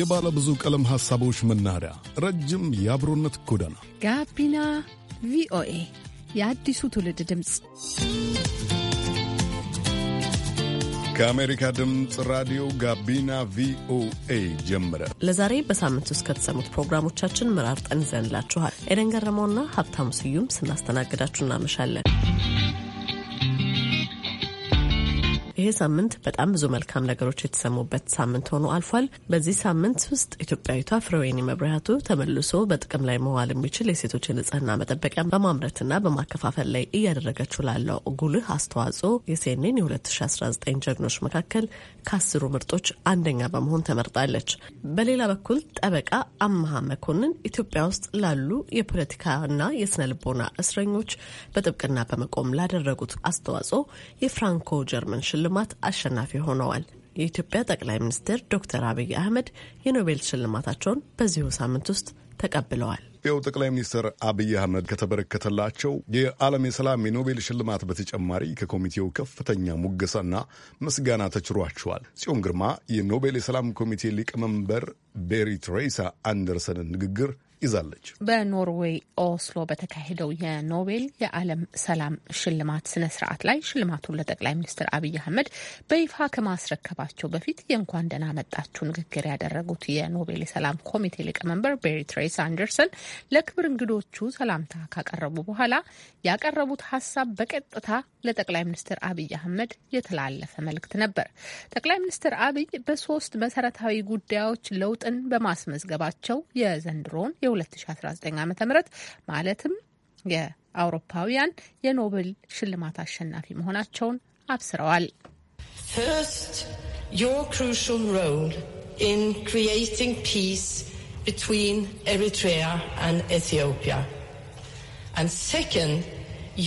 የባለ ብዙ ቀለም ሐሳቦች መናኸሪያ፣ ረጅም የአብሮነት ጎዳና ጋቢና ቪኦኤ የአዲሱ ትውልድ ድምፅ ከአሜሪካ ድምፅ ራዲዮ ጋቢና ቪኦኤ ጀመረ። ለዛሬ በሳምንት ውስጥ ከተሰሙት ፕሮግራሞቻችን ምራርጠን ይዘንላችኋል። ኤደን ገረመውና ሀብታሙ ስዩም ስናስተናግዳችሁ እናመሻለን። ይሄ ሳምንት በጣም ብዙ መልካም ነገሮች የተሰሙበት ሳምንት ሆኖ አልፏል። በዚህ ሳምንት ውስጥ ኢትዮጵያዊቷ ፍሬወይኒ መብርሃቱ ተመልሶ በጥቅም ላይ መዋል የሚችል የሴቶች ንጽህና መጠበቂያ በማምረትና በማከፋፈል ላይ እያደረገችው ላለው ጉልህ አስተዋጽኦ የሴኔን የ2019 ጀግኖች መካከል ከአስሩ ምርጦች አንደኛ በመሆን ተመርጣለች። በሌላ በኩል ጠበቃ አመሃ መኮንን ኢትዮጵያ ውስጥ ላሉ የፖለቲካና የስነ ልቦና እስረኞች በጥብቅና በመቆም ላደረጉት አስተዋጽኦ የፍራንኮ ጀርመን ሽልማ ሽልማት አሸናፊ ሆነዋል። የኢትዮጵያ ጠቅላይ ሚኒስትር ዶክተር አብይ አህመድ የኖቤል ሽልማታቸውን በዚሁ ሳምንት ውስጥ ተቀብለዋል። ኢትዮጵያው ጠቅላይ ሚኒስትር አብይ አህመድ ከተበረከተላቸው የዓለም የሰላም የኖቤል ሽልማት በተጨማሪ ከኮሚቴው ከፍተኛ ሙገሳና ምስጋና ተችሯቸዋል። ጽዮን ግርማ የኖቤል የሰላም ኮሚቴ ሊቀመንበር ቤሪት ሬይሳ አንደርሰንን ንግግር ይዛለች። በኖርዌይ ኦስሎ በተካሄደው የኖቤል የዓለም ሰላም ሽልማት ስነ ስርዓት ላይ ሽልማቱን ለጠቅላይ ሚኒስትር አብይ አህመድ በይፋ ከማስረከባቸው በፊት የእንኳን ደህና መጣችሁ ንግግር ያደረጉት የኖቤል የሰላም ኮሚቴ ሊቀመንበር ቤሪ ትሬስ አንደርሰን ለክብር እንግዶቹ ሰላምታ ካቀረቡ በኋላ ያቀረቡት ሀሳብ በቀጥታ ለጠቅላይ ሚኒስትር አብይ አህመድ የተላለፈ መልእክት ነበር። ጠቅላይ ሚኒስትር አብይ በሶስት መሰረታዊ ጉዳዮች ለውጥን በማስመዝገባቸው የዘንድሮውን የ2019 ዓ ም ማለትም የአውሮፓውያን የኖቤል ሽልማት አሸናፊ መሆናቸውን አብስረዋል። First, your crucial role in creating peace between Eritrea and Ethiopia. And second,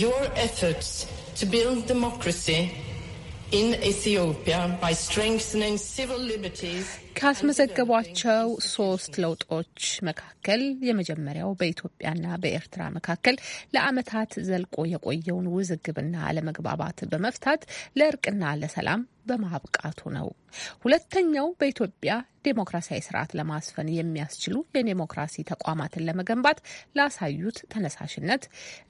your efforts to build democracy in Ethiopia by strengthening civil liberties. ካስመዘገቧቸው ሶስት ለውጦች መካከል የመጀመሪያው በኢትዮጵያና በኤርትራ መካከል ለዓመታት ዘልቆ የቆየውን ውዝግብና አለመግባባት በመፍታት ለእርቅና ለሰላም በማብቃቱ ነው። ሁለተኛው በኢትዮጵያ ዴሞክራሲያዊ ስርዓት ለማስፈን የሚያስችሉ የዴሞክራሲ ተቋማትን ለመገንባት ላሳዩት ተነሳሽነት፣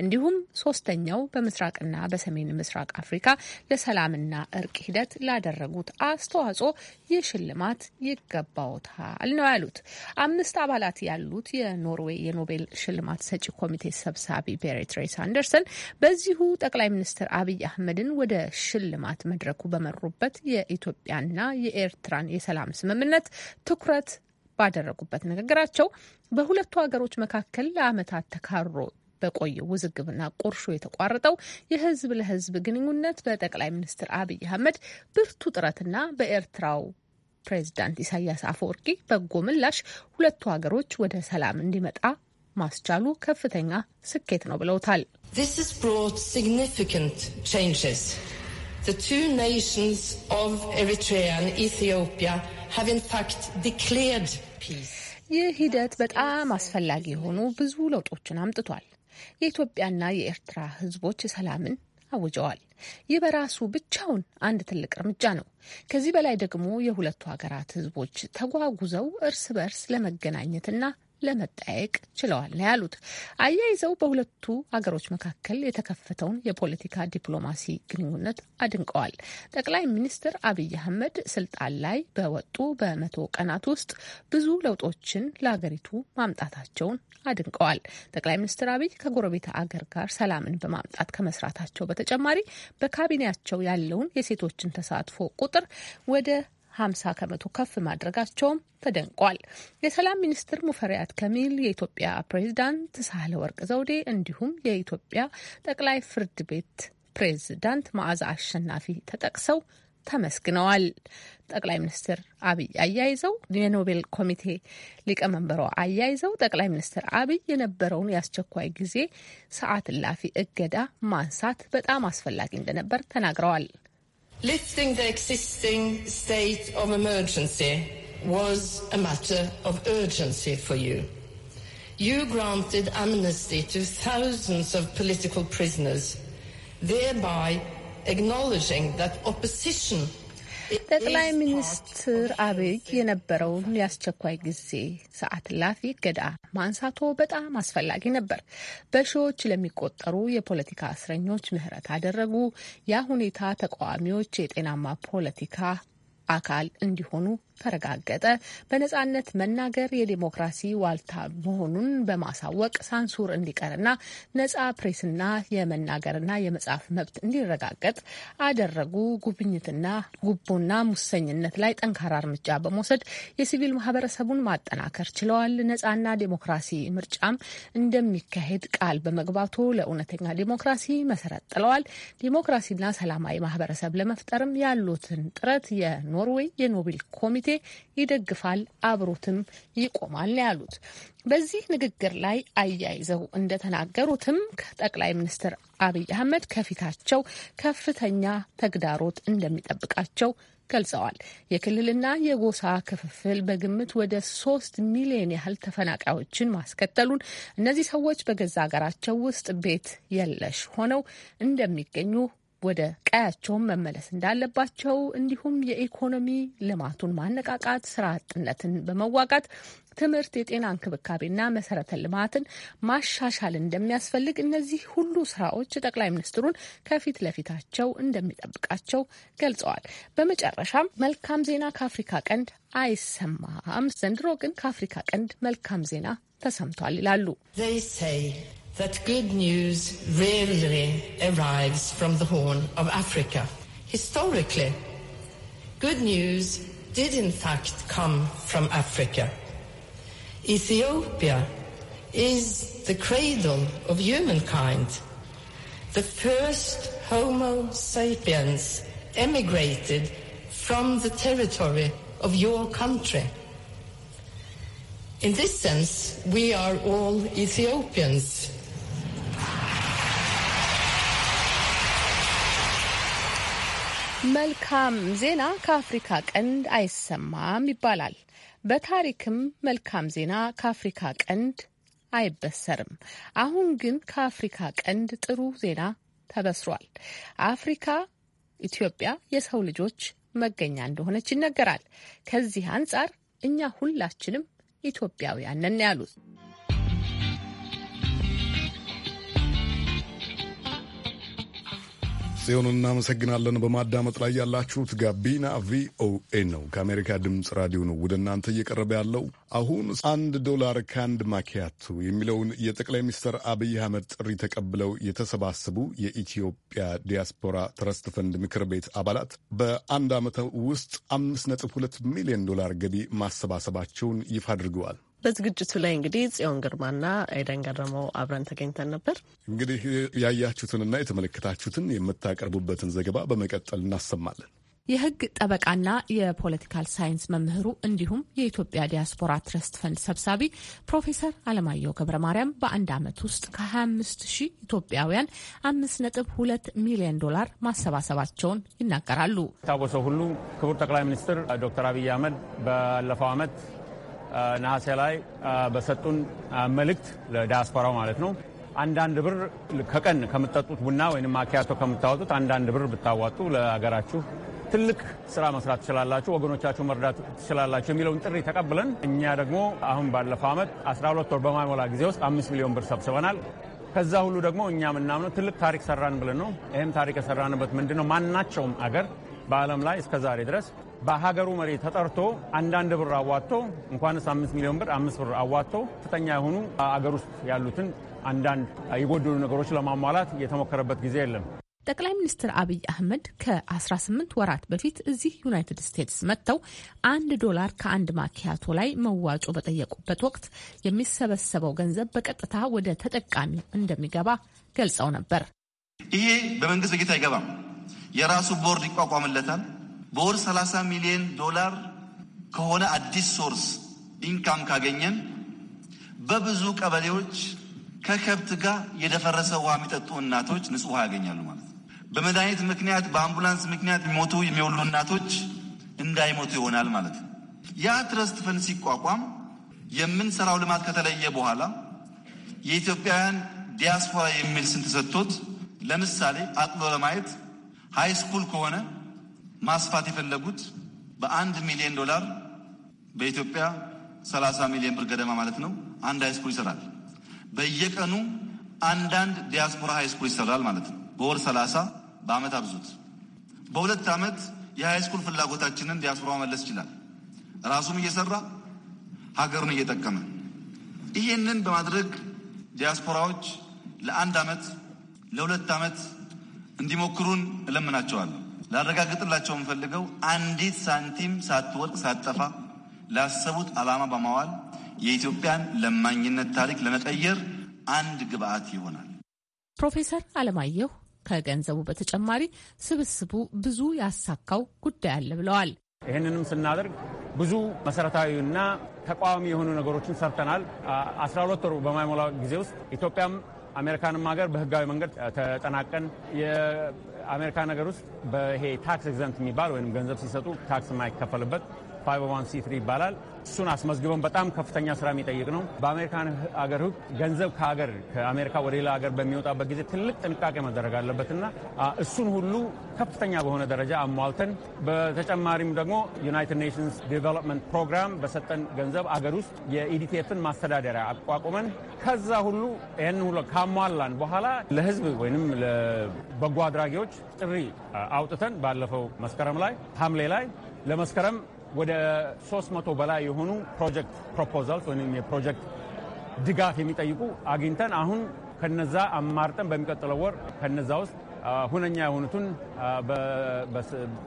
እንዲሁም ሶስተኛው በምስራቅና በሰሜን ምስራቅ አፍሪካ ለሰላምና እርቅ ሂደት ላደረጉት አስተዋጽኦ የሽልማት ይገባውታል ነው ያሉት። አምስት አባላት ያሉት የኖርዌይ የኖቤል ሽልማት ሰጪ ኮሚቴ ሰብሳቢ ቤሬት ሬስ አንደርሰን በዚሁ ጠቅላይ ሚኒስትር አብይ አህመድን ወደ ሽልማት መድረኩ በመሩበት የኢትዮጵያና የኤርትራን የሰላም ስምምነት ትኩረት ባደረጉበት ንግግራቸው በሁለቱ ሀገሮች መካከል ለአመታት ተካሮ በቆየ ውዝግብና ቁርሾ የተቋረጠው የህዝብ ለህዝብ ግንኙነት በጠቅላይ ሚኒስትር አብይ አህመድ ብርቱ ጥረትና በኤርትራው ፕሬዚዳንት ኢሳያስ አፈወርቂ በጎ ምላሽ ሁለቱ ሀገሮች ወደ ሰላም እንዲመጣ ማስቻሉ ከፍተኛ ስኬት ነው ብለውታል። ይህ ሂደት በጣም አስፈላጊ የሆኑ ብዙ ለውጦችን አምጥቷል። የኢትዮጵያና የኤርትራ ሕዝቦች ሰላምን አውጀዋል። ይህ በራሱ ብቻውን አንድ ትልቅ እርምጃ ነው። ከዚህ በላይ ደግሞ የሁለቱ ሀገራት ህዝቦች ተጓጉዘው እርስ በርስ ለመገናኘትና ለመጠየቅ ችለዋል ነው ያሉት። አያይዘው በሁለቱ አገሮች መካከል የተከፈተውን የፖለቲካ ዲፕሎማሲ ግንኙነት አድንቀዋል። ጠቅላይ ሚኒስትር አብይ አህመድ ስልጣን ላይ በወጡ በመቶ ቀናት ውስጥ ብዙ ለውጦችን ለአገሪቱ ማምጣታቸውን አድንቀዋል። ጠቅላይ ሚኒስትር አብይ ከጎረቤት አገር ጋር ሰላምን በማምጣት ከመስራታቸው በተጨማሪ በካቢኔያቸው ያለውን የሴቶችን ተሳትፎ ቁጥር ወደ 50 ከመቶ ከፍ ማድረጋቸውም ተደንቋል። የሰላም ሚኒስትር ሙፈሪያት ከሚል፣ የኢትዮጵያ ፕሬዝዳንት ሳህለ ወርቅ ዘውዴ እንዲሁም የኢትዮጵያ ጠቅላይ ፍርድ ቤት ፕሬዝዳንት መዓዛ አሸናፊ ተጠቅሰው ተመስግነዋል። ጠቅላይ ሚኒስትር አብይ አያይዘው የኖቤል ኮሚቴ ሊቀመንበሯ አያይዘው ጠቅላይ ሚኒስትር አብይ የነበረውን የአስቸኳይ ጊዜ ሰዓት እላፊ እገዳ ማንሳት በጣም አስፈላጊ እንደነበር ተናግረዋል። Lifting the existing state of emergency was a matter of urgency for you. You granted amnesty to thousands of political prisoners, thereby acknowledging that opposition ጠቅላይ ሚኒስትር አብይ የነበረውን የአስቸኳይ ጊዜ ሰዓት ላፊ ገዳ ማንሳቶ በጣም አስፈላጊ ነበር። በሺዎች ለሚቆጠሩ የፖለቲካ እስረኞች ምህረት አደረጉ። ያ ሁኔታ ተቃዋሚዎች የጤናማ ፖለቲካ አካል እንዲሆኑ ተረጋገጠ በነጻነት መናገር የዲሞክራሲ ዋልታ መሆኑን በማሳወቅ ሳንሱር እንዲቀርና ነጻ ፕሬስና የመናገርና የመጻፍ መብት እንዲረጋገጥ አደረጉ። ጉብኝትና ጉቦና ሙሰኝነት ላይ ጠንካራ እርምጃ በመውሰድ የሲቪል ማህበረሰቡን ማጠናከር ችለዋል። ነጻና ዲሞክራሲ ምርጫም እንደሚካሄድ ቃል በመግባቱ ለእውነተኛ ዲሞክራሲ መሰረት ጥለዋል። ዲሞክራሲና ሰላማዊ ማህበረሰብ ለመፍጠርም ያሉትን ጥረት የኖርዌይ የኖቤል ኮሚ ኮሚቴ ይደግፋል፣ አብሮትም ይቆማል ያሉት በዚህ ንግግር ላይ አያይዘው እንደተናገሩትም ጠቅላይ ሚኒስትር አብይ አህመድ ከፊታቸው ከፍተኛ ተግዳሮት እንደሚጠብቃቸው ገልጸዋል። የክልልና የጎሳ ክፍፍል በግምት ወደ ሶስት ሚሊዮን ያህል ተፈናቃዮችን ማስከተሉን እነዚህ ሰዎች በገዛ ሀገራቸው ውስጥ ቤት የለሽ ሆነው እንደሚገኙ ወደ ቀያቸውን መመለስ እንዳለባቸው እንዲሁም የኢኮኖሚ ልማቱን ማነቃቃት፣ ስራ አጥነትን በመዋጋት ትምህርት፣ የጤና እንክብካቤና መሰረተ ልማትን ማሻሻል እንደሚያስፈልግ እነዚህ ሁሉ ስራዎች ጠቅላይ ሚኒስትሩን ከፊት ለፊታቸው እንደሚጠብቃቸው ገልጸዋል። በመጨረሻም መልካም ዜና ከአፍሪካ ቀንድ አይሰማም፣ ዘንድሮ ግን ከአፍሪካ ቀንድ መልካም ዜና ተሰምቷል ይላሉ። that good news rarely arrives from the Horn of Africa. Historically, good news did in fact come from Africa. Ethiopia is the cradle of humankind. The first Homo sapiens emigrated from the territory of your country. In this sense, we are all Ethiopians መልካም ዜና ከአፍሪካ ቀንድ አይሰማም ይባላል። በታሪክም መልካም ዜና ከአፍሪካ ቀንድ አይበሰርም። አሁን ግን ከአፍሪካ ቀንድ ጥሩ ዜና ተበስሯል። አፍሪካ ኢትዮጵያ የሰው ልጆች መገኛ እንደሆነች ይነገራል። ከዚህ አንጻር እኛ ሁላችንም ኢትዮጵያውያን ነን ያሉት ጽዮን እናመሰግናለን። በማዳመጥ ላይ ያላችሁት ጋቢና ቪኦኤ ነው። ከአሜሪካ ድምፅ ራዲዮ ነው ወደ እናንተ እየቀረበ ያለው። አሁን አንድ ዶላር ከአንድ ማኪያቱ የሚለውን የጠቅላይ ሚኒስትር አብይ አህመድ ጥሪ ተቀብለው የተሰባሰቡ የኢትዮጵያ ዲያስፖራ ትረስት ፈንድ ምክር ቤት አባላት በአንድ ዓመት ውስጥ አምስት ነጥብ ሁለት ሚሊዮን ዶላር ገቢ ማሰባሰባቸውን ይፋ አድርገዋል። በዝግጅቱ ላይ እንግዲህ ጽዮን ግርማና አይደን ገረመው አብረን ተገኝተን ነበር። እንግዲህ ያያችሁትንና የተመለከታችሁትን የምታቀርቡበትን ዘገባ በመቀጠል እናሰማለን። የሕግ ጠበቃና የፖለቲካል ሳይንስ መምህሩ እንዲሁም የኢትዮጵያ ዲያስፖራ ትረስት ፈንድ ሰብሳቢ ፕሮፌሰር አለማየሁ ገብረ ማርያም በአንድ ዓመት ውስጥ ከ25 ሺህ ኢትዮጵያውያን 5.2 ሚሊዮን ዶላር ማሰባሰባቸውን ይናገራሉ። የታወሰው ሁሉ ክቡር ጠቅላይ ሚኒስትር ዶክተር አብይ አህመድ ባለፈው ዓመት ነሐሴ ላይ በሰጡን መልእክት ለዲያስፖራው ማለት ነው አንዳንድ ብር ከቀን ከምጠጡት ቡና ወይም ማኪያቶ ከምታወጡት አንዳንድ ብር ብታዋጡ ለሀገራችሁ ትልቅ ስራ መስራት ትችላላችሁ፣ ወገኖቻችሁ መርዳት ትችላላችሁ የሚለውን ጥሪ ተቀብለን እኛ ደግሞ አሁን ባለፈው ዓመት 12 ወር በማይሞላ ጊዜ ውስጥ አምስት ሚሊዮን ብር ሰብስበናል። ከዛ ሁሉ ደግሞ እኛ የምናምነው ትልቅ ታሪክ ሰራን ብለን ነው። ይህም ታሪክ የሰራንበት ምንድነው ማናቸውም አገር በዓለም ላይ እስከ ዛሬ ድረስ በሀገሩ መሪ ተጠርቶ አንዳንድ ብር አዋጥቶ እንኳንስ አምስት ሚሊዮን ብር አምስት ብር አዋጥቶ ከፍተኛ የሆኑ አገር ውስጥ ያሉትን አንዳንድ የጎደሉ ነገሮች ለማሟላት የተሞከረበት ጊዜ የለም። ጠቅላይ ሚኒስትር አብይ አህመድ ከ18 ወራት በፊት እዚህ ዩናይትድ ስቴትስ መጥተው አንድ ዶላር ከአንድ ማኪያቶ ላይ መዋጮ በጠየቁበት ወቅት የሚሰበሰበው ገንዘብ በቀጥታ ወደ ተጠቃሚው እንደሚገባ ገልጸው ነበር። ይሄ በመንግስት በጌታ አይገባም። የራሱ ቦርድ ይቋቋምለታል። በወር 30 ሚሊዮን ዶላር ከሆነ አዲስ ሶርስ ኢንካም ካገኘን በብዙ ቀበሌዎች ከከብት ጋር የደፈረሰ ውሃ የሚጠጡ እናቶች ንጹህ ውሃ ያገኛሉ ማለት ነው። በመድኃኒት ምክንያት በአምቡላንስ ምክንያት የሚሞቱ የሚወሉ እናቶች እንዳይሞቱ ይሆናል ማለት ነው። ያ ትረስት ፈን ሲቋቋም የምንሰራው ልማት ከተለየ በኋላ የኢትዮጵያውያን ዲያስፖራ የሚል ስም ተሰጥቶት ለምሳሌ አቅሎ ለማየት ሃይ ስኩል ከሆነ ማስፋት የፈለጉት በአንድ ሚሊዮን ዶላር በኢትዮጵያ 30 ሚሊዮን ብር ገደማ ማለት ነው። አንድ ሃይስኩል ይሰራል። በየቀኑ አንዳንድ ዲያስፖራ ሃይስኩል ይሰራል ማለት ነው። በወር 30 በአመት አብዙት። በሁለት ዓመት የሃይስኩል ፍላጎታችንን ዲያስፖራ መለስ ይችላል። ራሱም እየሰራ ሀገሩን እየጠቀመ ይህንን በማድረግ ዲያስፖራዎች ለአንድ ዓመት ለሁለት ዓመት እንዲሞክሩን እለምናቸዋለሁ። ላረጋግጥላቸው የምፈልገው አንዲት ሳንቲም ሳትወርቅ ሳትጠፋ ላሰቡት ዓላማ በማዋል የኢትዮጵያን ለማኝነት ታሪክ ለመቀየር አንድ ግብአት ይሆናል። ፕሮፌሰር አለማየሁ ከገንዘቡ በተጨማሪ ስብስቡ ብዙ ያሳካው ጉዳይ አለ ብለዋል። ይህንንም ስናደርግ ብዙ መሰረታዊና ተቃዋሚ የሆኑ ነገሮችን ሰርተናል። ሁለት ወር በማይሞላ ጊዜ ውስጥ ኢትዮጵያም አሜሪካንም ሀገር በህጋዊ መንገድ ተጠናቀን የአሜሪካ ነገር ውስጥ በይሄ ታክስ ኤግዘምት የሚባል ወይም ገንዘብ ሲሰጡ ታክስ የማይከፈልበት 501c3 ይባላል። እሱን አስመዝግበን በጣም ከፍተኛ ስራ የሚጠይቅ ነው። በአሜሪካን አገር ህግ ገንዘብ ከሀገር ከአሜሪካ ወደ ሌላ ሀገር በሚወጣበት ጊዜ ትልቅ ጥንቃቄ መደረግ አለበትና እሱን ሁሉ ከፍተኛ በሆነ ደረጃ አሟልተን በተጨማሪም ደግሞ ዩናይትድ ኔሽንስ ዲቨሎፕመንት ፕሮግራም በሰጠን ገንዘብ አገር ውስጥ የኢዲቲኤፍን ማስተዳደሪያ አቋቁመን ከዛ ሁሉ ይህን ሁሉ ካሟላን በኋላ ለህዝብ ወይም ለበጎ አድራጊዎች ጥሪ አውጥተን ባለፈው መስከረም ላይ ሐምሌ ላይ ለመስከረም ወደ 300 በላይ የሆኑ ፕሮጀክት ፕሮፖዛልስ ወይም የፕሮጀክት ድጋፍ የሚጠይቁ አግኝተን አሁን ከነዛ አማርጠን በሚቀጥለው ወር ከነዛ ውስጥ ሁነኛ የሆኑትን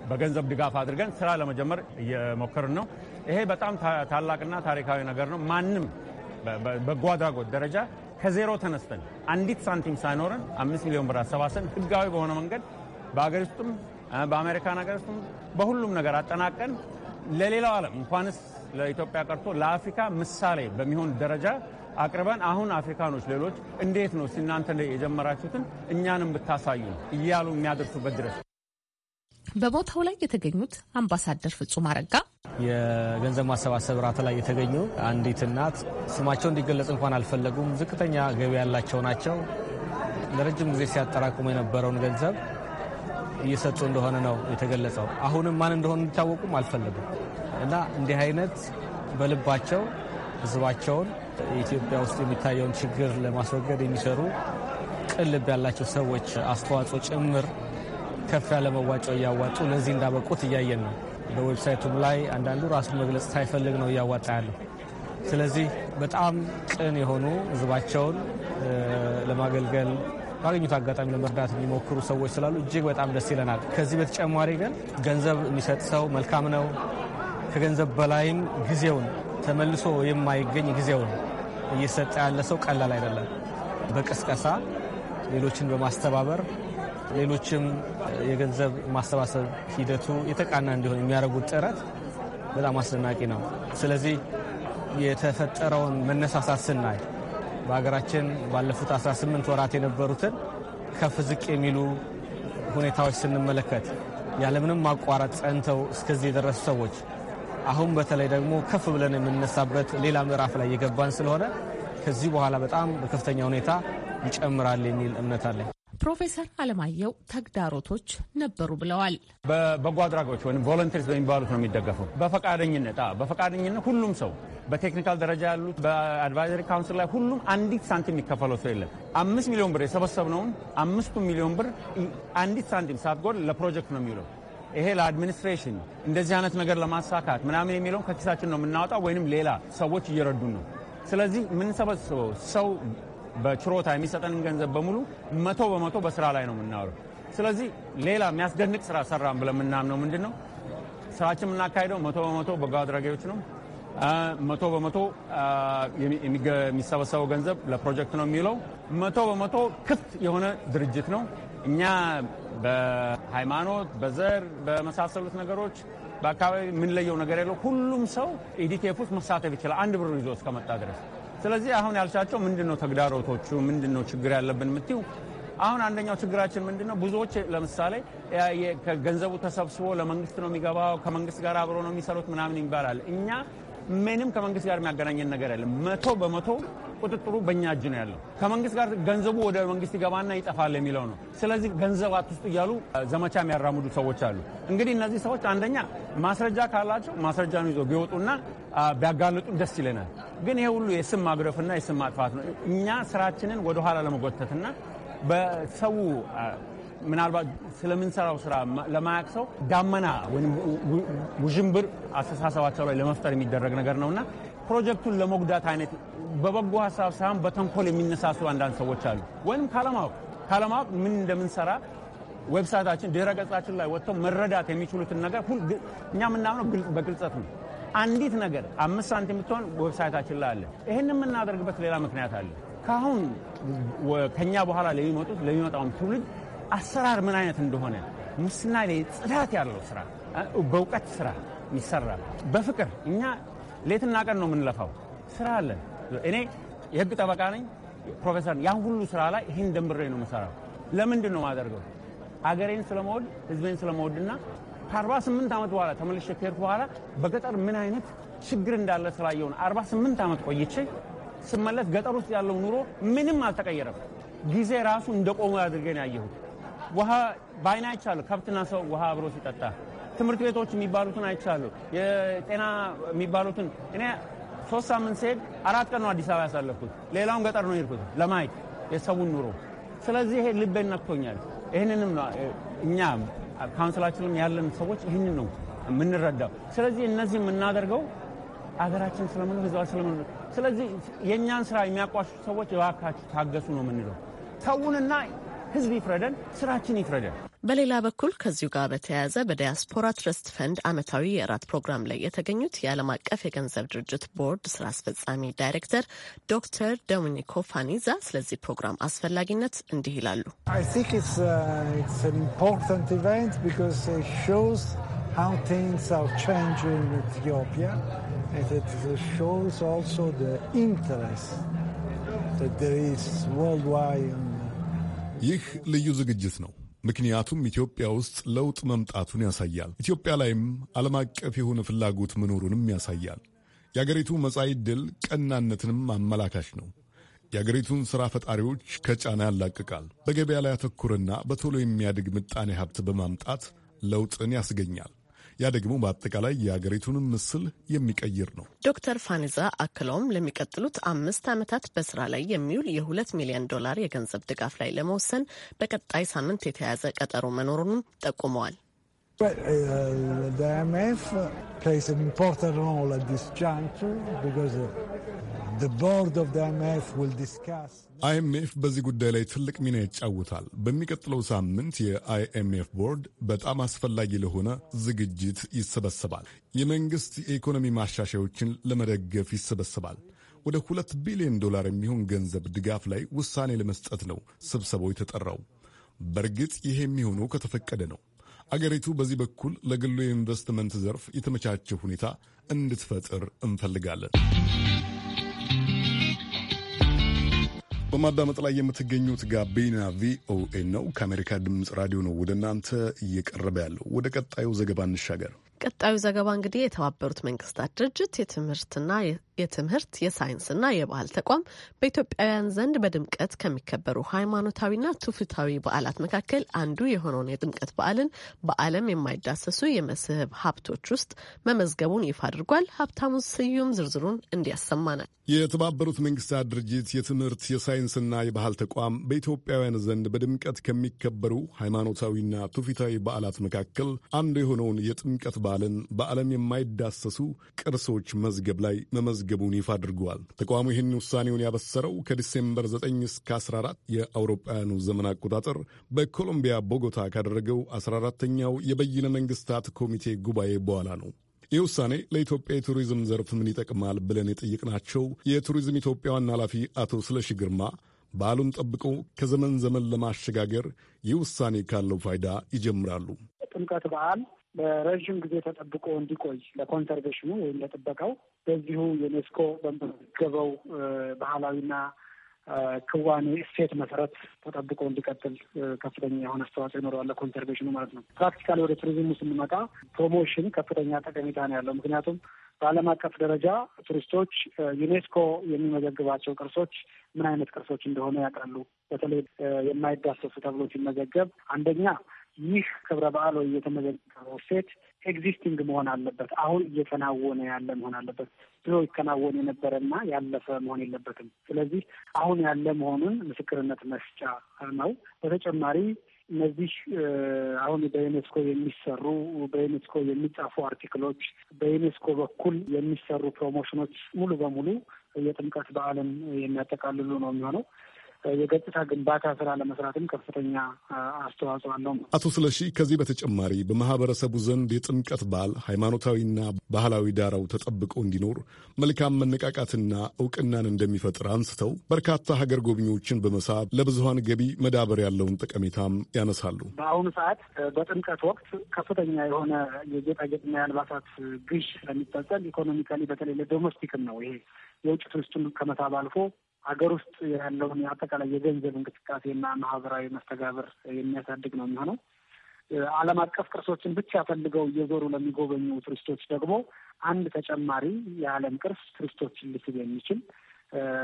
በገንዘብ ድጋፍ አድርገን ስራ ለመጀመር እየሞከርን ነው። ይሄ በጣም ታላቅና ታሪካዊ ነገር ነው። ማንም በጎ አድራጎት ደረጃ ከዜሮ ተነስተን አንዲት ሳንቲም ሳይኖረን አምስት ሚሊዮን ብር አሰባሰን ህጋዊ በሆነ መንገድ በአገር ውስጥም በአሜሪካን ሀገር ውስጥም በሁሉም ነገር አጠናቀን ለሌላው ዓለም እንኳንስ ለኢትዮጵያ ቀርቶ ለአፍሪካ ምሳሌ በሚሆን ደረጃ አቅርበን አሁን አፍሪካኖች ሌሎች እንዴት ነው እናንተ የጀመራችሁትን እኛንም ብታሳዩ እያሉ የሚያደርሱበት ድረስ በቦታው ላይ የተገኙት አምባሳደር ፍጹም አረጋ የገንዘብ ማሰባሰብ ራት ላይ የተገኙ አንዲት እናት ስማቸው እንዲገለጽ እንኳን አልፈለጉም። ዝቅተኛ ገቢ ያላቸው ናቸው። ለረጅም ጊዜ ሲያጠራቅሙ የነበረውን ገንዘብ እየሰጡ እንደሆነ ነው የተገለጸው። አሁንም ማን እንደሆኑ እንዲታወቁም አልፈለጉም እና እንዲህ አይነት በልባቸው ህዝባቸውን ኢትዮጵያ ውስጥ የሚታየውን ችግር ለማስወገድ የሚሰሩ ቅን ልብ ያላቸው ሰዎች አስተዋጽኦ ጭምር ከፍ ያለ መዋጮ እያዋጡ ለዚህ እንዳበቁት እያየን ነው። በዌብሳይቱም ላይ አንዳንዱ ራሱን መግለጽ ሳይፈልግ ነው እያዋጣ ያለው። ስለዚህ በጣም ቅን የሆኑ ህዝባቸውን ለማገልገል ባገኙት አጋጣሚ ለመርዳት የሚሞክሩ ሰዎች ስላሉ እጅግ በጣም ደስ ይለናል። ከዚህ በተጨማሪ ግን ገንዘብ የሚሰጥ ሰው መልካም ነው። ከገንዘብ በላይም ጊዜውን ተመልሶ የማይገኝ ጊዜውን እየሰጠ ያለ ሰው ቀላል አይደለም። በቅስቀሳ ሌሎችን በማስተባበር ሌሎችም የገንዘብ ማሰባሰብ ሂደቱ የተቃና እንዲሆን የሚያደርጉት ጥረት በጣም አስደናቂ ነው። ስለዚህ የተፈጠረውን መነሳሳት ስናይ በሀገራችን ባለፉት 18 ወራት የነበሩትን ከፍ ዝቅ የሚሉ ሁኔታዎች ስንመለከት ያለምንም ማቋረጥ ጸንተው እስከዚህ የደረሱ ሰዎች አሁን በተለይ ደግሞ ከፍ ብለን የምንነሳበት ሌላ ምዕራፍ ላይ የገባን ስለሆነ ከዚህ በኋላ በጣም በከፍተኛ ሁኔታ ይጨምራል የሚል እምነት አለኝ። ፕሮፌሰር አለማየሁ ተግዳሮቶች ነበሩ ብለዋል። በበጎ አድራጎች ወይም ቮለንተሪስ በሚባሉት ነው የሚደገፈው። በፈቃደኝነት በፈቃደኝነት ሁሉም ሰው በቴክኒካል ደረጃ ያሉት በአድቫይዘሪ ካውንስል ላይ ሁሉም አንዲት ሳንቲም የሚከፈለው ሰው የለም። አምስት ሚሊዮን ብር የሰበሰብነውን አምስቱ ሚሊዮን ብር አንዲት ሳንቲም ሳትጎድ ለፕሮጀክት ነው የሚውለው። ይሄ ለአድሚኒስትሬሽን እንደዚህ አይነት ነገር ለማሳካት ምናምን የሚለውን ከኪሳችን ነው የምናወጣው፣ ወይንም ሌላ ሰዎች እየረዱን ነው። ስለዚህ የምንሰበስበው ሰው በችሮታ የሚሰጠንን ገንዘብ በሙሉ መቶ በመቶ በስራ ላይ ነው የምናውለው። ስለዚህ ሌላ የሚያስደንቅ ስራ ሰራን ብለን የምናምነው ምንድን ነው? ስራችን የምናካሄደው መቶ በመቶ በጎ አድራጊዎች ነው። መቶ በመቶ የሚሰበሰበው ገንዘብ ለፕሮጀክት ነው የሚውለው። መቶ በመቶ ክፍት የሆነ ድርጅት ነው። እኛ በሃይማኖት፣ በዘር፣ በመሳሰሉት ነገሮች በአካባቢ የምንለየው ነገር የለው። ሁሉም ሰው ኢዲቴፍ ውስጥ መሳተፍ ይችላል አንድ ብር ይዞ እስከመጣ ድረስ ስለዚህ አሁን ያልሻቸው ምንድን ነው ተግዳሮቶቹ ምንድን ነው ችግር ያለብን የምትይው አሁን አንደኛው ችግራችን ምንድን ነው? ብዙዎች ለምሳሌ ገንዘቡ ተሰብስቦ ለመንግስት ነው የሚገባው፣ ከመንግስት ጋር አብሮ ነው የሚሰሩት ምናምን ይባላል። እኛ ምንም ከመንግስት ጋር የሚያገናኘን ነገር ያለ መቶ በመቶ ቁጥጥሩ በእኛ እጅ ነው ያለው። ከመንግስት ጋር ገንዘቡ ወደ መንግስት ይገባና ይጠፋል የሚለው ነው። ስለዚህ ገንዘብ አትስጡ እያሉ ዘመቻ የሚያራምዱ ሰዎች አሉ። እንግዲህ እነዚህ ሰዎች አንደኛ ማስረጃ ካላቸው ማስረጃ ነው ይዘው ቢወጡና ቢያጋልጡ ደስ ይለናል። ግን ይሄ ሁሉ የስም ማግረፍና የስም ማጥፋት ነው። እኛ ስራችንን ወደኋላ ለመጎተትና በሰው ምናልባት ስለምንሰራው ስራ ለማያቅ ሰው ዳመና ወይም ውዥንብር አስተሳሰባቸው ላይ ለመፍጠር የሚደረግ ነገር እና ፕሮጀክቱን ለመጉዳት አይነት በበጎ ሀሳብ ሳይሆን በተንኮል የሚነሳሱ አንዳንድ ሰዎች አሉ። ወይም ካለማወቅ ካለማወቅ ምን እንደምንሰራ ዌብሳይታችን ድረ ገጻችን ላይ ወጥተው መረዳት የሚችሉትን ነገር እኛ የምናምነው በግልጸት ነው። አንዲት ነገር አምስት ሳንቲም የምትሆን ዌብሳይታችን ላይ አለ። ይህን የምናደርግበት ሌላ ምክንያት አለ። ከአሁን ከኛ በኋላ ለሚመጡት ለሚመጣውም ትውልድ አሰራር ምን አይነት እንደሆነ ሙስና ላይ ጽዳት ያለው ስራ በእውቀት ስራ የሚሰራ በፍቅር እኛ ሌትና ቀን ነው የምንለፋው። ስራ አለን። እኔ የህግ ጠበቃ ነኝ ፕሮፌሰር። ያን ሁሉ ስራ ላይ ይህን ደንብሬ ነው የምሰራው። ለምንድን ነው የማደርገው? አገሬን ስለመወድ ህዝቤን ስለመወድና ከ48 ዓመት በኋላ ተመልሼ ከሄድኩ በኋላ በገጠር ምን አይነት ችግር እንዳለ ስላየው ነው። 48 ዓመት ቆይቼ ስመለስ ገጠር ውስጥ ያለው ኑሮ ምንም አልተቀየረም። ጊዜ ራሱ እንደቆመ አድርገን ያየሁት ውሃ በአይን አይቻሉ ከብትና ሰው ውሃ አብሮ ሲጠጣ ትምህርት ቤቶች የሚባሉትን አይቻሉ የጤና የሚባሉትን እኔ ሶስት ሳምንት ስሄድ አራት ቀን ነው አዲስ አበባ ያሳለፍኩት። ሌላውን ገጠር ነው የሄድኩት ለማየት የሰውን ኑሮ። ስለዚህ ይሄ ልቤን ነክቶኛል። ይህንንም እኛ ካውንስላችንም ያለን ሰዎች ይህንን ነው የምንረዳው። ስለዚህ እነዚህ የምናደርገው አገራችን ስለምን ህዝባችን ስለምን ስለዚህ የእኛን ስራ የሚያቋሹ ሰዎች እባካችሁ ታገሱ ነው የምንለው ሰውንና ህዝብ ይፍረደን፣ ስራችን ይፍረደን። በሌላ በኩል ከዚሁ ጋር በተያያዘ በዲያስፖራ ትረስት ፈንድ ዓመታዊ የእራት ፕሮግራም ላይ የተገኙት የዓለም አቀፍ የገንዘብ ድርጅት ቦርድ ስራ አስፈጻሚ ዳይሬክተር ዶክተር ዶሚኒኮ ፋኒዛ ስለዚህ ፕሮግራም አስፈላጊነት እንዲህ ይላሉ። ኢትዮጵያ ይህ ልዩ ዝግጅት ነው። ምክንያቱም ኢትዮጵያ ውስጥ ለውጥ መምጣቱን ያሳያል። ኢትዮጵያ ላይም ዓለም አቀፍ የሆነ ፍላጎት መኖሩንም ያሳያል። የአገሪቱ መጻኢ ዕድል ቀናነትንም አመላካች ነው። የአገሪቱን ሥራ ፈጣሪዎች ከጫና ያላቅቃል። በገበያ ላይ ያተኩርና በቶሎ የሚያድግ ምጣኔ ሀብት በማምጣት ለውጥን ያስገኛል። ያ ደግሞ በአጠቃላይ የሀገሪቱንም ምስል የሚቀይር ነው። ዶክተር ፋኒዛ አክለውም ለሚቀጥሉት አምስት ዓመታት በስራ ላይ የሚውል የሁለት ሚሊዮን ዶላር የገንዘብ ድጋፍ ላይ ለመወሰን በቀጣይ ሳምንት የተያዘ ቀጠሮ መኖሩንም ጠቁመዋል። But uh, eh, the IMF plays an important role at this juncture because eh, the board of the IMF will discuss. አይኤምኤፍ በዚህ ጉዳይ ላይ ትልቅ ሚና ይጫወታል። በሚቀጥለው ሳምንት የአይኤምኤፍ ቦርድ በጣም አስፈላጊ ለሆነ ዝግጅት ይሰበሰባል። የመንግስት የኢኮኖሚ ማሻሻዮችን ለመደገፍ ይሰበሰባል። ወደ ሁለት ቢሊዮን ዶላር የሚሆን ገንዘብ ድጋፍ ላይ ውሳኔ ለመስጠት ነው ስብሰባው የተጠራው። በእርግጥ ይሄ የሚሆነው ከተፈቀደ ነው። አገሪቱ በዚህ በኩል ለግሉ የኢንቨስትመንት ዘርፍ የተመቻቸ ሁኔታ እንድትፈጥር እንፈልጋለን። በማዳመጥ ላይ የምትገኙት ጋቢና ቪኦኤ ነው። ከአሜሪካ ድምፅ ራዲዮ ነው ወደ እናንተ እየቀረበ ያለው። ወደ ቀጣዩ ዘገባ እንሻገር። ቀጣዩ ዘገባ እንግዲህ የተባበሩት መንግስታት ድርጅት የትምህርትና የትምህርት የሳይንስና የባህል ተቋም በኢትዮጵያውያን ዘንድ በድምቀት ከሚከበሩ ሃይማኖታዊና ትውፊታዊ በዓላት መካከል አንዱ የሆነውን የጥምቀት በዓልን በዓለም የማይዳሰሱ የመስህብ ሀብቶች ውስጥ መመዝገቡን ይፋ አድርጓል። ሀብታሙ ስዩም ዝርዝሩን እንዲያሰማናል። የተባበሩት መንግስታት ድርጅት የትምህርት የሳይንስና የባህል ተቋም በኢትዮጵያውያን ዘንድ በድምቀት ከሚከበሩ ሃይማኖታዊና ትውፊታዊ በዓላት መካከል አንዱ የሆነውን የጥምቀት በዓልን በዓለም የማይዳሰሱ ቅርሶች መዝገብ ላይ መመዝገ መመዝገቡን ይፋ አድርገዋል። ተቋሙ ይህን ውሳኔውን ያበሰረው ከዲሴምበር 9 እስከ 14 የአውሮፓውያኑ ዘመን አቆጣጠር በኮሎምቢያ ቦጎታ ካደረገው 14ተኛው የበይነ መንግስታት ኮሚቴ ጉባኤ በኋላ ነው። ይህ ውሳኔ ለኢትዮጵያ የቱሪዝም ዘርፍ ምን ይጠቅማል ብለን የጠየቅናቸው የቱሪዝም ኢትዮጵያ ዋና ኃላፊ አቶ ስለሺ ግርማ በዓሉን ጠብቆ ከዘመን ዘመን ለማሸጋገር ይህ ውሳኔ ካለው ፋይዳ ይጀምራሉ። ጥምቀት በዓል በረዥም ጊዜ ተጠብቆ እንዲቆይ ለኮንሰርቬሽኑ ወይም ለጥበቃው በዚሁ ዩኔስኮ በመዘገበው ባህላዊና ክዋኔ እሴት መሰረት ተጠብቆ እንዲቀጥል ከፍተኛ የሆነ አስተዋጽኦ ይኖረዋል ለኮንሰርቬሽኑ ማለት ነው። ፕራክቲካሊ ወደ ቱሪዝሙ ስንመጣ ፕሮሞሽን ከፍተኛ ጠቀሜታ ነው ያለው። ምክንያቱም በዓለም አቀፍ ደረጃ ቱሪስቶች ዩኔስኮ የሚመዘግባቸው ቅርሶች ምን አይነት ቅርሶች እንደሆነ ያውቃሉ። በተለይ የማይዳሰሱ ተብሎ ሲመዘገብ አንደኛ ይህ ክብረ በዓል ወይ የተመዘገበው ሴት ኤግዚስቲንግ መሆን አለበት፣ አሁን እየተናወነ ያለ መሆን አለበት። ድሮ ይከናወን የነበረና ያለፈ መሆን የለበትም። ስለዚህ አሁን ያለ መሆኑን ምስክርነት መስጫ ነው። በተጨማሪ እነዚህ አሁን በዩኔስኮ የሚሰሩ በዩኔስኮ የሚጻፉ አርቲክሎች፣ በዩኔስኮ በኩል የሚሰሩ ፕሮሞሽኖች ሙሉ በሙሉ የጥምቀት በዓልን የሚያጠቃልሉ ነው የሚሆነው። የገጽታ ግንባታ ስራ ለመስራትም ከፍተኛ አስተዋጽኦ አለው። አቶ ስለሺ ከዚህ በተጨማሪ በማህበረሰቡ ዘንድ የጥምቀት በዓል ሃይማኖታዊና ባህላዊ ዳራው ተጠብቆ እንዲኖር መልካም መነቃቃትና እውቅናን እንደሚፈጥር አንስተው በርካታ ሀገር ጎብኚዎችን በመሳብ ለብዙሀን ገቢ መዳበር ያለውን ጠቀሜታም ያነሳሉ። በአሁኑ ሰዓት በጥምቀት ወቅት ከፍተኛ የሆነ የጌጣጌጥና የአልባሳት ግዥ ስለሚፈጸም ኢኮኖሚካሊ በተለይ ለዶሜስቲክም ነው ይሄ የውጭ ቱሪስቱን ከመሳብ አልፎ ሀገር ውስጥ ያለውን አጠቃላይ የገንዘብ እንቅስቃሴና ማህበራዊ መስተጋብር የሚያሳድግ ነው የሚሆነው። ዓለም አቀፍ ቅርሶችን ብቻ ፈልገው እየዞሩ ለሚጎበኙ ቱሪስቶች ደግሞ አንድ ተጨማሪ የዓለም ቅርስ ቱሪስቶችን ሊስብ የሚችል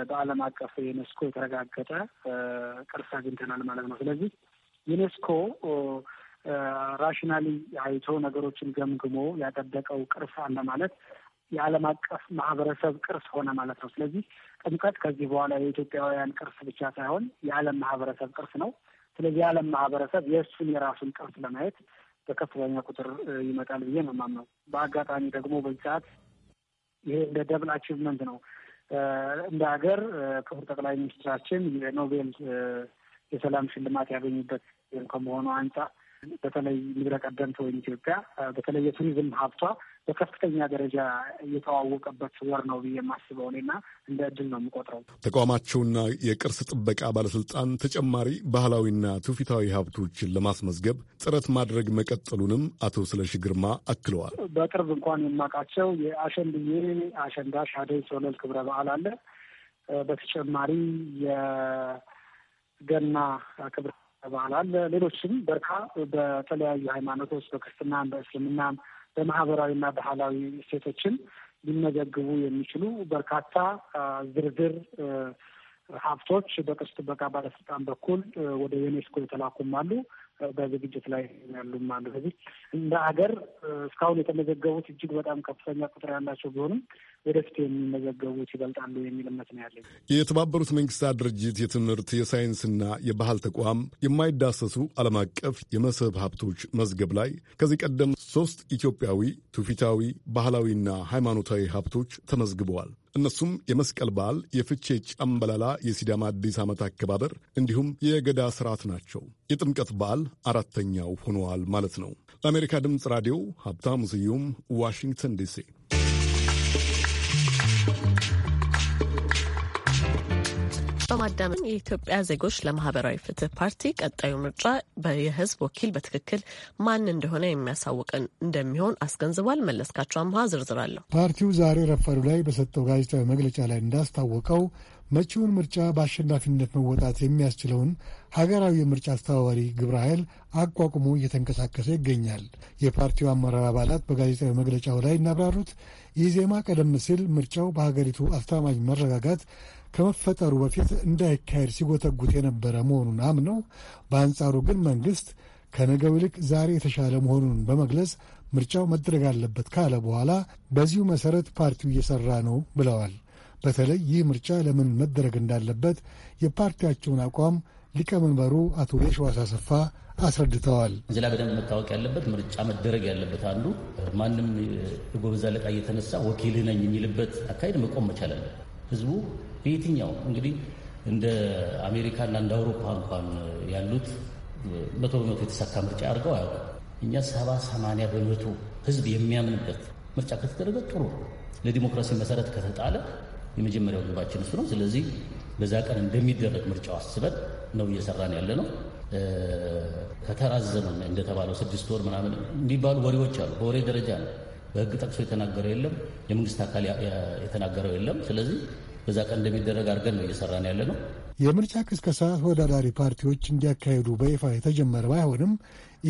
በዓለም አቀፍ ዩኔስኮ የተረጋገጠ ቅርስ አግኝተናል ማለት ነው። ስለዚህ ዩኔስኮ ራሽናሊ አይቶ ነገሮችን ገምግሞ ያጠበቀው ቅርስ አለ ማለት የዓለም አቀፍ ማህበረሰብ ቅርስ ሆነ ማለት ነው። ስለዚህ ጥምቀት ከዚህ በኋላ የኢትዮጵያውያን ቅርስ ብቻ ሳይሆን የዓለም ማህበረሰብ ቅርስ ነው። ስለዚህ የዓለም ማህበረሰብ የእሱን የራሱን ቅርስ ለማየት በከፍተኛ ቁጥር ይመጣል ብዬ ነው የማምነው። በአጋጣሚ ደግሞ በዚህ ሰዓት ይሄ እንደ ደብል አቺቭመንት ነው። እንደ ሀገር ክቡር ጠቅላይ ሚኒስትራችን የኖቤል የሰላም ሽልማት ያገኙበት ከመሆኑ አንጻር በተለይ ምድረ ቀደምት ወይም ኢትዮጵያ በተለይ የቱሪዝም ሀብቷ በከፍተኛ ደረጃ የተዋወቀበት ወር ነው ብዬ የማስበው እኔና እንደ እድል ነው የምቆጥረው። ተቋማቸውና የቅርስ ጥበቃ ባለስልጣን ተጨማሪ ባህላዊና ትውፊታዊ ሀብቶችን ለማስመዝገብ ጥረት ማድረግ መቀጠሉንም አቶ ስለሺ ግርማ አክለዋል። በቅርብ እንኳን የማውቃቸው የአሸንድዬ አሸንዳሽ አደይ ሶለል ክብረ በዓል አለ። በተጨማሪ የገና ክብረ በዓል አለ። ሌሎችም በርካ በተለያዩ ሃይማኖቶች በክርስትናም በእስልምናም በማህበራዊና ባህላዊ እሴቶችን ሊመዘግቡ የሚችሉ በርካታ ዝርዝር ሀብቶች በቅርስ ጥበቃ ባለስልጣን በኩል ወደ ዩኔስኮ የተላኩም አሉ። በዝግጅት ላይ ያሉ አሉ። ስለዚህ እንደ ሀገር እስካሁን የተመዘገቡት እጅግ በጣም ከፍተኛ ቁጥር ያላቸው ቢሆንም ወደፊት የሚመዘገቡት ይበልጣሉ የሚል እምነት ነው ያለኝ። የተባበሩት መንግስታት ድርጅት የትምህርት የሳይንስና የባህል ተቋም የማይዳሰሱ ዓለም አቀፍ የመስህብ ሀብቶች መዝገብ ላይ ከዚህ ቀደም ሶስት ኢትዮጵያዊ ትውፊታዊ ባህላዊና ሃይማኖታዊ ሀብቶች ተመዝግበዋል። እነሱም የመስቀል በዓል፣ የፍቼ ጫምበላላ፣ የሲዳማ አዲስ ዓመት አከባበር እንዲሁም የገዳ ስርዓት ናቸው። የጥምቀት በዓል አራተኛው ሆነዋል ማለት ነው። ለአሜሪካ ድምፅ ራዲዮ ሀብታሙ ስዩም ዋሽንግተን ዲሲ። በማዳመጥ የኢትዮጵያ ዜጎች ለማህበራዊ ፍትህ ፓርቲ ቀጣዩ ምርጫ የህዝብ ወኪል በትክክል ማን እንደሆነ የሚያሳውቀን እንደሚሆን አስገንዝቧል። መለስካቸው አምሃ ዝርዝራለሁ። ፓርቲው ዛሬ ረፈሩ ላይ በሰጠው ጋዜጣዊ መግለጫ ላይ እንዳስታወቀው መጪውን ምርጫ በአሸናፊነት መወጣት የሚያስችለውን ሀገራዊ የምርጫ አስተባባሪ ግብረ ኃይል አቋቁሞ እየተንቀሳቀሰ ይገኛል። የፓርቲው አመራር አባላት በጋዜጣዊ መግለጫው ላይ እንዳብራሩት ኢዜማ ቀደም ሲል ምርጫው በሀገሪቱ አስተማማኝ መረጋጋት ከመፈጠሩ በፊት እንዳይካሄድ ሲጎተጉት የነበረ መሆኑን አምነው፣ በአንጻሩ ግን መንግስት ከነገው ይልቅ ዛሬ የተሻለ መሆኑን በመግለጽ ምርጫው መደረግ አለበት ካለ በኋላ በዚሁ መሰረት ፓርቲው እየሰራ ነው ብለዋል። በተለይ ይህ ምርጫ ለምን መደረግ እንዳለበት የፓርቲያቸውን አቋም ሊቀመንበሩ አቶ የሸዋስ አሰፋ አስረድተዋል። እዚህ ላይ በደንብ መታወቅ ያለበት ምርጫ መደረግ ያለበት አንዱ ማንም ጎበዝ አለቃ እየተነሳ ወኪልህ ነኝ የሚልበት አካሄድ መቆም መቻል ህዝቡ በየትኛው እንግዲህ እንደ አሜሪካና እንደ አውሮፓ እንኳን ያሉት መቶ በመቶ የተሳካ ምርጫ አድርገው አያውቁም። እኛ ሰባ ሰማንያ በመቶ ህዝብ የሚያምንበት ምርጫ ከተደረገ ጥሩ ለዲሞክራሲ መሰረት ከተጣለ የመጀመሪያው ግባችን እሱ ነው። ስለዚህ በዛ ቀን እንደሚደረግ ምርጫው አስበን ነው እየሰራን ያለ ነው። ከተራዘመ እንደተባለው ስድስት ወር ምናምን እንዲባሉ ወሬዎች አሉ። በወሬ ደረጃ ነው። በህግ ጠቅሶ የተናገረው የለም፣ የመንግስት አካል የተናገረው የለም። ስለዚህ በዛ ቀን እንደሚደረግ አድርገን ነው እየሰራን ያለ ነው። የምርጫ ቅስቀሳ ተወዳዳሪ ፓርቲዎች እንዲያካሄዱ በይፋ የተጀመረ ባይሆንም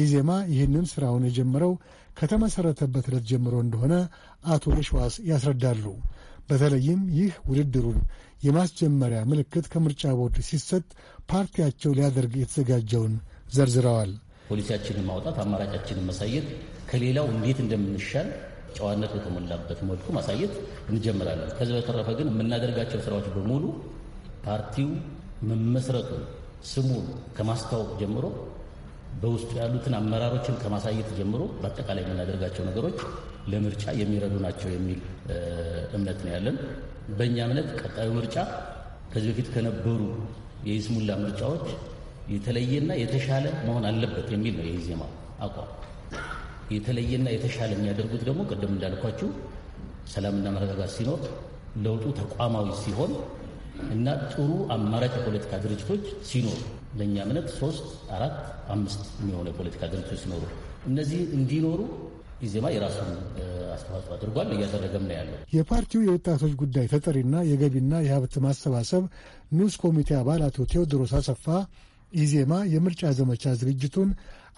ኢዜማ ይህንን ስራውን የጀመረው ከተመሰረተበት ዕለት ጀምሮ እንደሆነ አቶ የሸዋስ ያስረዳሉ። በተለይም ይህ ውድድሩን የማስጀመሪያ ምልክት ከምርጫ ቦርድ ሲሰጥ ፓርቲያቸው ሊያደርግ የተዘጋጀውን ዘርዝረዋል። ፖሊሲያችንን ማውጣት፣ አማራጫችንን ማሳየት፣ ከሌላው እንዴት እንደምንሻል ጨዋነት በተሞላበት መልኩ ማሳየት እንጀምራለን። ከዚህ በተረፈ ግን የምናደርጋቸው ስራዎች በሙሉ ፓርቲው መመስረቱን ስሙን ከማስታወቅ ጀምሮ በውስጡ ያሉትን አመራሮችን ከማሳየት ጀምሮ በአጠቃላይ የምናደርጋቸው ነገሮች ለምርጫ የሚረዱ ናቸው የሚል እምነት ነው ያለን። በእኛ እምነት ቀጣዩ ምርጫ ከዚህ በፊት ከነበሩ የይስሙላ ምርጫዎች የተለየና የተሻለ መሆን አለበት የሚል ነው የኢዜማ አቋም። የተለየና የተሻለ የሚያደርጉት ደግሞ ቅድም እንዳልኳችሁ ሰላምና መረጋጋት ሲኖር፣ ለውጡ ተቋማዊ ሲሆን እና ጥሩ አማራጭ የፖለቲካ ድርጅቶች ሲኖሩ ለእኛ እምነት ሶስት፣ አራት፣ አምስት የሚሆኑ የፖለቲካ ድርጅቶች ሲኖሩ እነዚህ እንዲኖሩ ኢዜማ የራሱን አስተዋጽኦ አድርጓል፣ እያደረገም ነው ያለው። የፓርቲው የወጣቶች ጉዳይ ተጠሪና የገቢና የሀብት ማሰባሰብ ንዑስ ኮሚቴ አባል አቶ ቴዎድሮስ አሰፋ ኢዜማ የምርጫ ዘመቻ ዝግጅቱን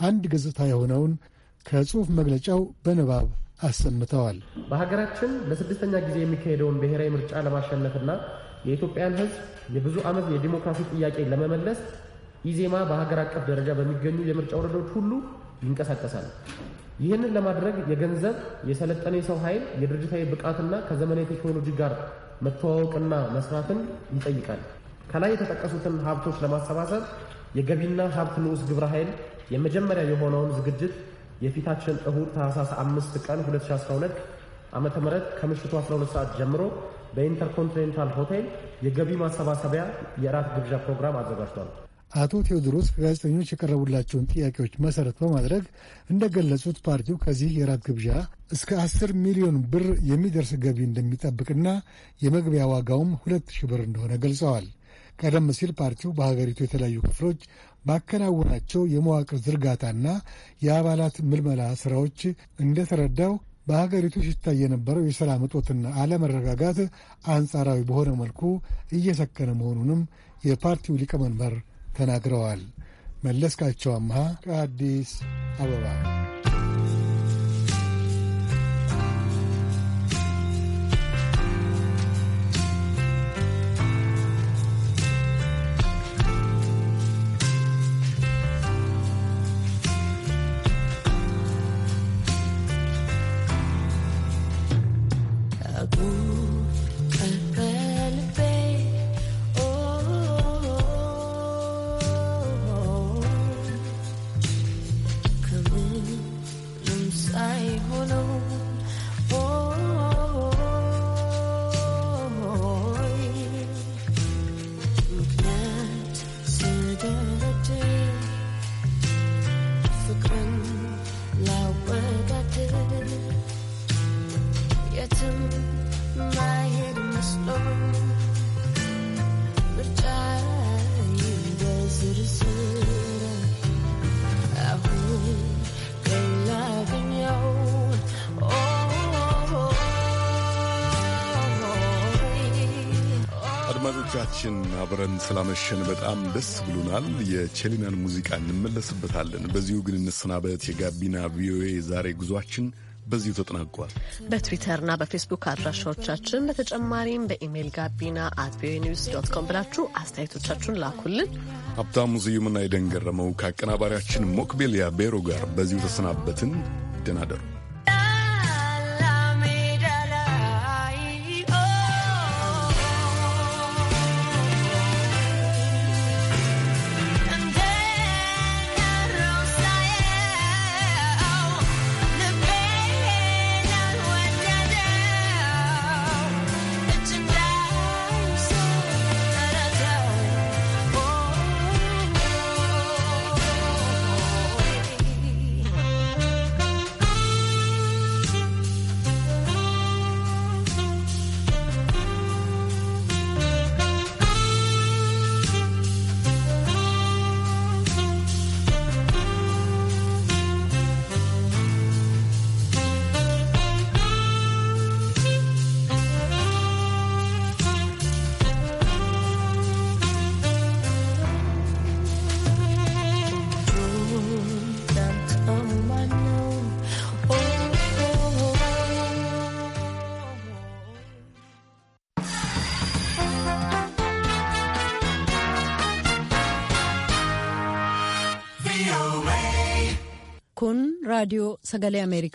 አንድ ገጽታ የሆነውን ከጽሑፍ መግለጫው በንባብ አሰምተዋል። በሀገራችን ለስድስተኛ ጊዜ የሚካሄደውን ብሔራዊ ምርጫ ለማሸነፍና የኢትዮጵያን ሕዝብ የብዙ ዓመት የዲሞክራሲ ጥያቄ ለመመለስ ኢዜማ በሀገር አቀፍ ደረጃ በሚገኙ የምርጫ ወረዳዎች ሁሉ ይንቀሳቀሳል። ይህንን ለማድረግ የገንዘብ፣ የሰለጠነ የሰው ኃይል፣ የድርጅታዊ ብቃትና ከዘመናዊ ቴክኖሎጂ ጋር መተዋወቅና መስራትን ይጠይቃል። ከላይ የተጠቀሱትን ሀብቶች ለማሰባሰብ የገቢና ሀብት ንዑስ ግብረ ኃይል የመጀመሪያ የሆነውን ዝግጅት የፊታችን እሁድ ታህሳስ 5 ቀን 2012 ዓ ም ከምሽቱ 12 ሰዓት ጀምሮ በኢንተርኮንቲኔንታል ሆቴል የገቢ ማሰባሰቢያ የእራት ግብዣ ፕሮግራም አዘጋጅቷል። አቶ ቴዎድሮስ ከጋዜጠኞች የቀረቡላቸውን ጥያቄዎች መሰረት በማድረግ እንደገለጹት ፓርቲው ከዚህ የራት ግብዣ እስከ አስር ሚሊዮን ብር የሚደርስ ገቢ እንደሚጠብቅና የመግቢያ ዋጋውም ሁለት ሺህ ብር እንደሆነ ገልጸዋል። ቀደም ሲል ፓርቲው በሀገሪቱ የተለያዩ ክፍሎች ባከናወናቸው የመዋቅር ዝርጋታና የአባላት ምልመላ ስራዎች እንደተረዳው በሀገሪቱ ሲታይ የነበረው የሰላም እጦትና አለመረጋጋት አንጻራዊ በሆነ መልኩ እየሰከነ መሆኑንም የፓርቲው ሊቀመንበር ተናግረዋል። መለስካቸው አምሃ ከአዲስ አበባ ሁላችን አብረን ስላመሸን በጣም ደስ ብሎናል። የቸሊናን ሙዚቃ እንመለስበታለን። በዚሁ ግን እንሰናበት። የጋቢና ቪኦኤ ዛሬ ጉዟችን በዚሁ ተጠናቋል። በትዊተርና በፌስቡክ አድራሻዎቻችን በተጨማሪም በኢሜይል ጋቢና አት ቪኦኤ ኒውስ ዶት ኮም ብላችሁ አስተያየቶቻችሁን ላኩልን። ሀብታሙ ስዩምና የደንገረመው ከአቀናባሪያችን ሞክቤልያ ቤሮ ጋር በዚሁ ተሰናበትን። ደናደሩ radio सगले अमेरिका